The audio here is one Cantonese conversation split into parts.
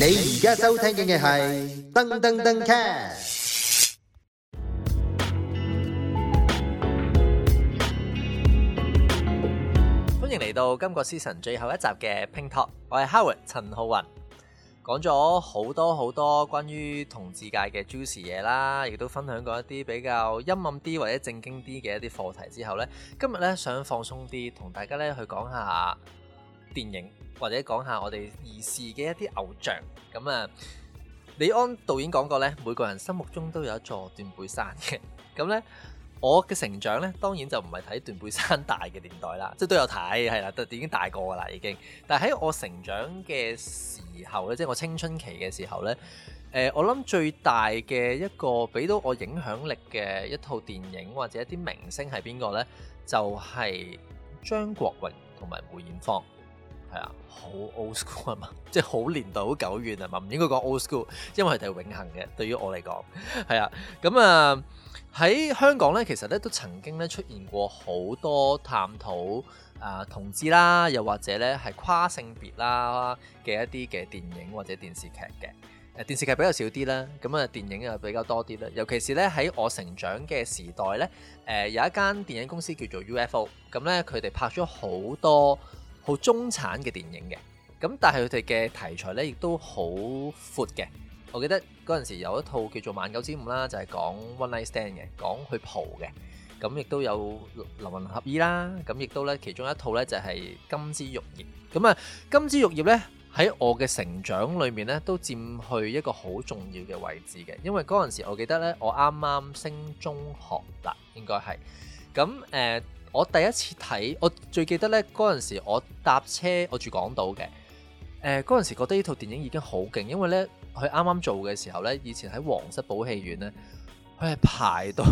你而家收聽緊嘅係噔噔噔 cast，歡迎嚟到今個 season 最後一集嘅 Ping Talk，我係 Howard 陳浩雲，講咗好多好多關於同志界嘅 juicy 嘢啦，亦都分享過一啲比較陰暗啲或者正經啲嘅一啲課題之後呢，今日呢想放鬆啲，同大家呢去講下。電影或者講下我哋兒時嘅一啲偶像咁啊。李安導演講過呢，每個人心目中都有一座斷背山嘅。咁呢，我嘅成長呢當然就唔係睇斷背山大嘅年代啦，即係都有睇係啦，都已經大個啦已經。但喺我成長嘅時候呢，即係我青春期嘅時候呢，誒，我諗最大嘅一個俾到我影響力嘅一套電影或者一啲明星係邊個呢？就係張國榮同埋梅豔芳。好 old school 啊嘛，即係好年代，好久遠啊嘛，唔應該講 old school，因為係永恆嘅。對於我嚟講，係啊，咁啊喺香港咧，其實咧都曾經咧出現過好多探討啊、呃、同志啦，又或者咧係跨性別啦嘅一啲嘅電影或者電視劇嘅、呃。電視劇比較少啲啦，咁、嗯、啊電影又比較多啲啦。尤其是咧喺我成長嘅時代咧，誒、呃、有一間電影公司叫做 UFO，咁、嗯、咧佢、嗯、哋拍咗好多。好中產嘅電影嘅，咁但係佢哋嘅題材咧，亦都好闊嘅。我記得嗰陣時有一套叫做《晚九朝五》啦，就係講 One Night Stand 嘅，講去蒲嘅。咁亦都有《流雲合意》啦，咁亦都咧其中一套咧就係《金枝玉葉》。咁啊，《金枝玉葉》咧喺我嘅成長裏面咧都佔去一個好重要嘅位置嘅，因為嗰陣時我記得咧我啱啱升中學啦，應該係咁誒。我第一次睇，我最記得呢嗰陣時，我搭車，我住港島嘅。誒嗰陣時覺得呢套電影已經好勁，因為呢，佢啱啱做嘅時候呢，以前喺皇室堡戲院呢，佢係排到，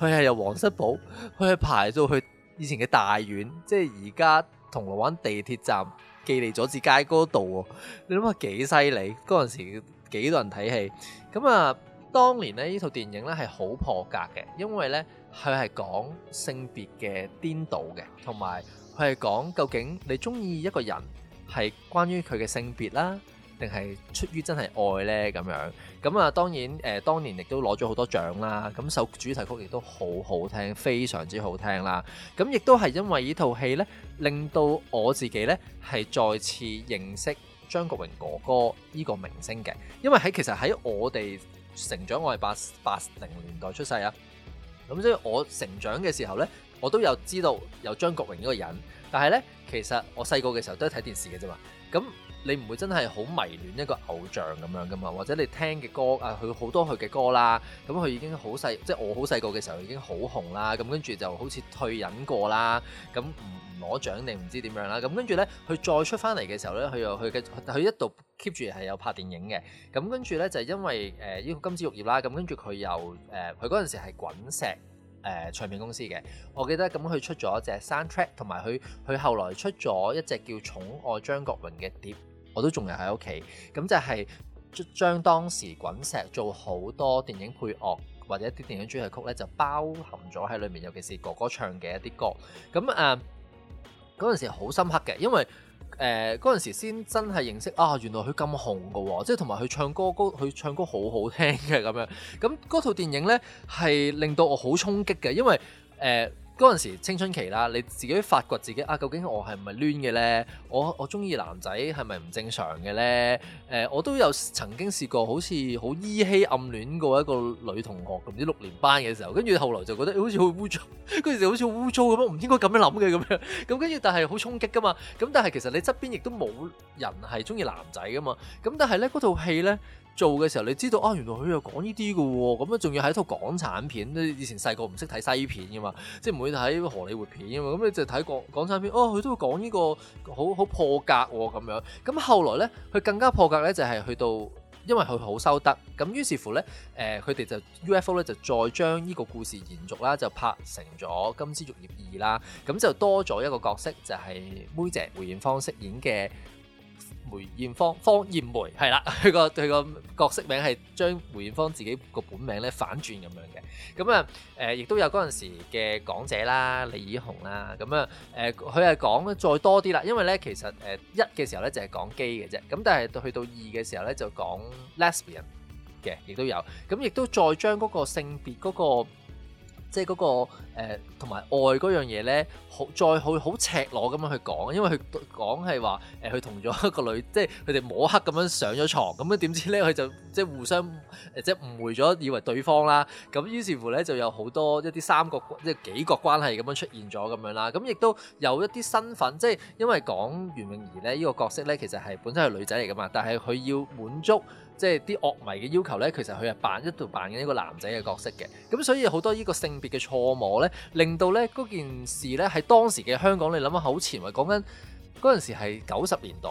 佢係由皇室堡，佢係排到去以前嘅大院，即係而家銅鑼灣地鐵站記利佐治街嗰度喎。你諗下幾犀利？嗰陣時幾多人睇戲？咁啊，當年呢，呢套電影呢係好破格嘅，因為呢。佢係講性別嘅顛倒嘅，同埋佢係講究竟你中意一個人係關於佢嘅性別啦、啊，定係出於真係愛呢？咁樣。咁啊，當然誒、呃，當年亦都攞咗好多獎啦。咁、嗯、首主題曲亦都好好聽，非常之好聽啦。咁、嗯、亦都係因為呢套戲呢，令到我自己呢係再次認識張國榮哥哥呢個明星嘅。因為喺其實喺我哋成長，我係八八零年代出世啊。咁所以我成長嘅時候咧，我都有知道有張國榮呢個人，但係咧，其實我細個嘅時候都係睇電視嘅啫嘛，咁。你唔會真係好迷戀一個偶像咁樣噶嘛？或者你聽嘅歌啊，佢好多佢嘅歌啦，咁、嗯、佢已經好細，即係我好細個嘅時候已經好紅啦。咁跟住就好似退隱過啦，咁唔攞獎定唔知點樣啦。咁跟住咧，佢再出翻嚟嘅時候咧，佢又佢佢一度 keep 住係有拍電影嘅。咁跟住咧就係、因為誒呢個金枝玉葉啦。咁跟住佢又誒，佢嗰陣時係滾石誒、呃、唱片公司嘅。我記得咁佢、嗯、出咗隻 soundtrack 同埋佢佢後來出咗一隻叫《寵愛張國榮》嘅碟。我都仲係喺屋企，咁就係將當時滾石做好多電影配樂或者一啲電影主題曲呢，就包含咗喺裏面。尤其是哥哥唱嘅一啲歌，咁誒嗰陣時好深刻嘅，因為誒嗰陣時先真係認識啊，原來佢咁紅㗎喎、哦，即係同埋佢唱歌歌佢唱歌好好聽嘅咁樣。咁嗰套電影呢，係令到我好衝擊嘅，因為誒。呃嗰陣時青春期啦，你自己發掘自己啊，究竟我係唔係攣嘅呢？我我中意男仔係咪唔正常嘅呢？誒、呃，我都有曾經試過好似好依稀暗戀過一個女同學，咁唔知六年班嘅時候，跟住後來就覺得好似好污糟，跟住就好似污糟咁樣，唔應該咁樣諗嘅咁樣，咁跟住但係好衝擊噶嘛，咁但係其實你側邊亦都冇人係中意男仔噶嘛，咁但係呢，嗰套戲呢。做嘅時候，你知道啊，原來佢又講呢啲㗎喎，咁咧仲要係一套港產片。以前細個唔識睇西片嘅嘛，即係唔會睇荷里活片嘅嘛，咁你就睇港港產片。哦、啊，佢都會講呢個好好破格喎、哦、咁樣。咁、啊、後來呢，佢更加破格呢，就係、是、去到因為佢好收得，咁於是乎呢，誒佢哋就 UFO 咧就再將呢個故事延續啦，就拍成咗《金枝玉葉二》啦。咁就多咗一個角色，就係、是、妹姐梅豔芳飾演嘅。梅豔芳方豔梅係啦，佢個佢個角色名係將梅豔芳自己個本名咧反轉咁樣嘅，咁啊誒亦都有嗰陣時嘅講者啦，李綺紅啦，咁啊誒佢係講得再多啲啦，因為咧其實誒一嘅時候咧就係講 gay 嘅啫，咁但係去到二嘅時候咧就講 lesbian 嘅，亦都有，咁亦都再將嗰個性別嗰個。即係、那、嗰個同埋、呃、愛嗰樣嘢咧，好再好好赤裸咁樣去講，因為佢講係話誒，佢同咗一個女，即係佢哋摸黑咁樣上咗床。咁樣點知咧，佢就即係互相誒即係誤會咗，以為對方啦，咁於是乎咧就有好多一啲三角即係幾角關係咁樣出現咗咁樣啦，咁亦都有一啲身份，即係因為講袁詠儀咧呢、呢個角色咧，其實係本身係女仔嚟噶嘛，但係佢要滿足。即係啲樂迷嘅要求呢，其實佢係扮一度扮緊一個男仔嘅角色嘅，咁所以好多呢個性別嘅錯模呢，令到呢嗰件事呢，喺當時嘅香港，你諗下好前衞，講緊嗰陣時係九十年代，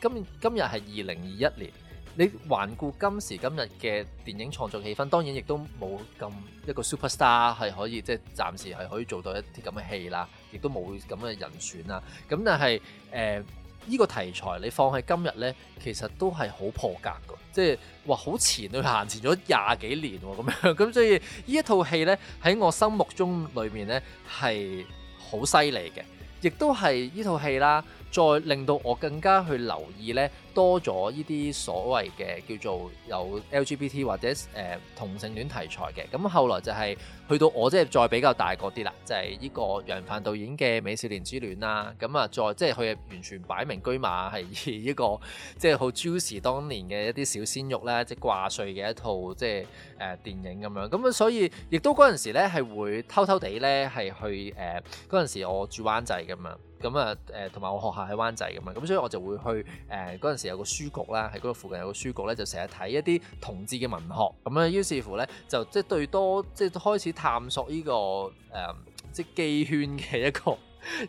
今今日係二零二一年，你環顧今時今日嘅電影創作氣氛，當然亦都冇咁一個 super star 係可以即係暫時係可以做到一啲咁嘅戲啦，亦都冇咁嘅人選啦，咁但係誒。呃呢個題材你放喺今日呢，其實都係好破格嘅，即係話好前啊，行前咗廿幾年喎咁樣，咁所以呢一套戲呢，喺我心目中裏面呢，係好犀利嘅，亦都係呢套戲啦。再令到我更加去留意咧，多咗呢啲所謂嘅叫做有 LGBT 或者誒、呃、同性戀題材嘅。咁後來就係、是、去到我即係再比較大個啲啦，就係、是、呢個楊凡導演嘅《美少年之戀》啦。咁啊，再即係佢係完全擺明居馬係一個即係好 Juicy 當年嘅一啲小鮮肉啦，即係掛帥嘅一套即係誒、呃、電影咁樣。咁啊，所以亦都嗰陣時咧係會偷偷地咧係去誒嗰陣時我住灣仔噶嘛。咁啊，誒同埋我學校喺灣仔咁啊，咁所以我就會去誒嗰陣時有個書局啦，喺嗰個附近有個書局咧，就成日睇一啲同志嘅文學，咁、嗯、咧於是乎咧就即係對多即係開始探索呢、這個誒、呃、即係機圈嘅一個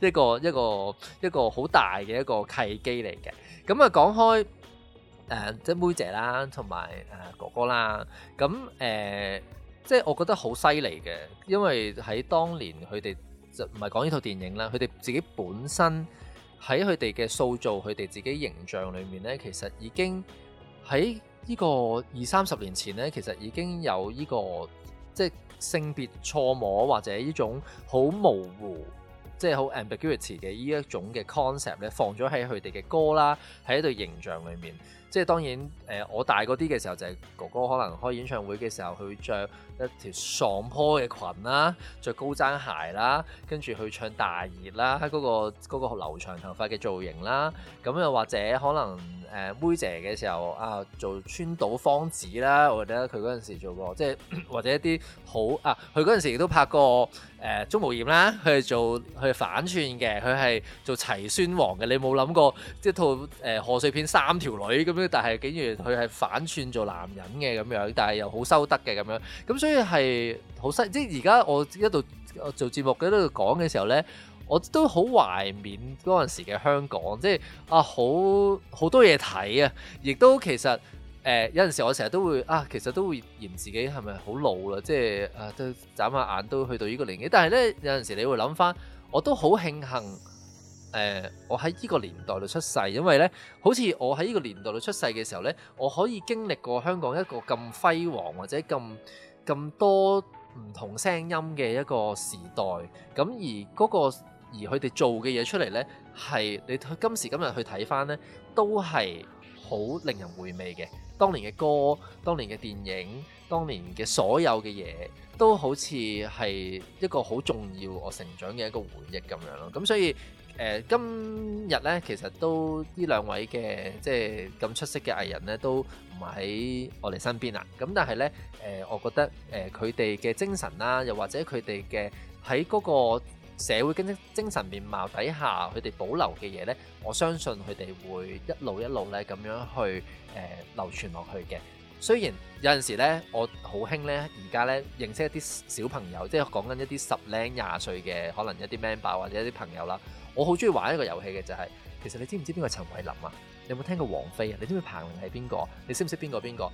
一個一個一個好大嘅一個契機嚟嘅。咁、嗯、啊講開誒、呃、即係妹姐啦，同埋誒哥哥啦，咁誒、呃、即係我覺得好犀利嘅，因為喺當年佢哋。就唔係講呢套電影啦，佢哋自己本身喺佢哋嘅塑造佢哋自己形象裏面咧，其實已經，喺呢個二三十年前咧，其實已經有呢個即係性別錯模或者呢種好模糊，即係好 ambiguous 嘅呢一種嘅 concept 咧，放咗喺佢哋嘅歌啦，喺一對形象裏面。即係當然，誒、呃、我大個啲嘅時候就係、是、哥哥可能開演唱會嘅時候，佢着一條喪袍嘅裙啦，着高踭鞋啦，跟住去唱大熱啦，喺、那個、那個留長頭髮嘅造型啦，咁又或者可能誒、呃、妹姐嘅時候啊，做川島芳子啦，我覺得佢陣時做過，即係或者一啲好啊，佢陣時亦都拍過誒、呃、中無豔啦，佢係做佢係反串嘅，佢係做齊宣王嘅，你冇諗過即係套誒賀、呃、歲片三條女但係竟然佢係反串做男人嘅咁樣，但係又好收得嘅咁樣，咁所以係好失，即係而家我一度做節目，嘅，喺度講嘅時候咧，我都好懷念嗰陣時嘅香港，即係啊好好多嘢睇啊，亦都其實誒、呃、有陣時我成日都會啊，其實都會嫌自己係咪好老啦，即係啊都眨下眼都去到呢個年紀，但係咧有陣時你會諗翻，我都好慶幸。誒、呃，我喺呢個年代度出世，因為呢好似我喺呢個年代度出世嘅時候呢，我可以經歷過香港一個咁輝煌或者咁咁多唔同聲音嘅一個時代。咁而嗰、嗰個而佢哋做嘅嘢出嚟呢，係你今時今日去睇翻呢，都係好令人回味嘅。當年嘅歌、當年嘅電影、當年嘅所有嘅嘢，都好似係一個好重要我成長嘅一個回憶咁樣咯。咁所以。誒今日咧，其實都呢兩位嘅即係咁出色嘅藝人咧，都唔喺我哋身邊啦。咁但係呢，誒、呃，我覺得誒佢哋嘅精神啦，又或者佢哋嘅喺嗰個社會經精神面貌底下，佢哋保留嘅嘢呢，我相信佢哋會一路一路呢咁樣去誒、呃、流傳落去嘅。雖然有陣時呢，我好興呢，而家呢認識一啲小朋友，即係講緊一啲十零廿歲嘅，可能一啲 member 或者一啲朋友啦。我好中意玩一個遊戲嘅就係、是，其實你知唔知邊個係陳慧琳啊？你有冇聽過王菲啊？你知唔知彭玲係邊個？你識唔識邊個邊個？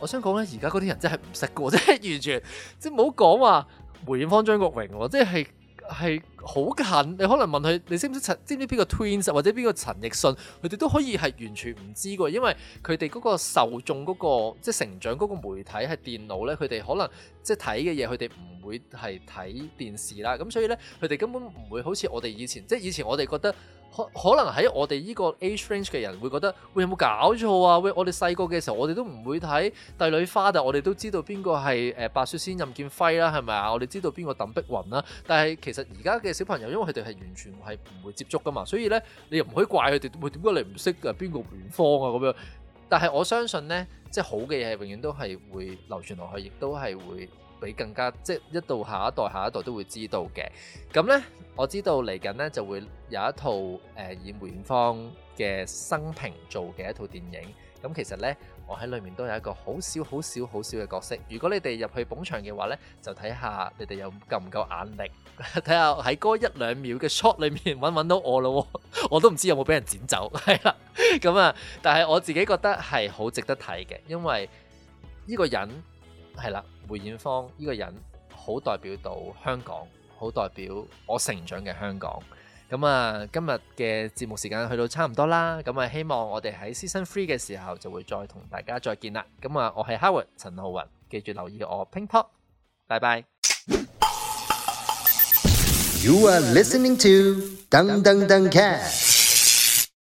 我想講咧，而家嗰啲人真係唔識嘅，即係完全即係唔好講話梅艷芳、張國榮，即係。係好近，你可能問佢，你知唔知陳？知唔知邊個 Twins 或者邊個陳奕迅？佢哋都可以係完全唔知嘅，因為佢哋嗰個受眾嗰、嗰個即係成長嗰個媒體係電腦咧，佢哋可能即係睇嘅嘢，佢哋唔會係睇電視啦。咁所以咧，佢哋根本唔會好似我哋以前，即係以前我哋覺得。可能喺我哋呢個 age range 嘅人會覺得，喂，有冇搞錯啊？喂，我哋細個嘅時候，我哋都唔會睇帝女花，但我哋都知道邊個係誒白雪仙、任劍輝啦，係咪啊？我哋知道邊個鄧碧雲啦。但係其實而家嘅小朋友，因為佢哋係完全係唔會接觸噶嘛，所以咧，你又唔可以怪佢哋，會點解你唔識誒邊個袁方啊咁樣？但係我相信咧，即係好嘅嘢永遠都係會流傳落去，亦都係會。俾更加即係一到下一代，下一代都會知道嘅。咁呢，我知道嚟緊呢就會有一套誒以梅艷芳嘅生平做嘅一套電影，咁其實呢我喺裏面都有一個好少好少好少嘅角色，如果你哋入去捧場嘅話呢，就睇下你哋有夠唔夠眼力，睇下喺嗰一兩秒嘅 shot 裏面揾揾到我咯，我都唔知有冇俾人剪走。係啦，咁啊，但係我自己覺得係好值得睇嘅，因為呢個人。係啦，梅艷芳呢個人好代表到香港，好代表我成長嘅香港。咁啊，今日嘅節目時間去到差唔多啦，咁啊，希望我哋喺 Season Three 嘅時候就會再同大家再見啦。咁啊，我係 Howard 陳浩雲，記住留意我 Ping Pop，拜拜。You are listening to 噔噔噔 Cat。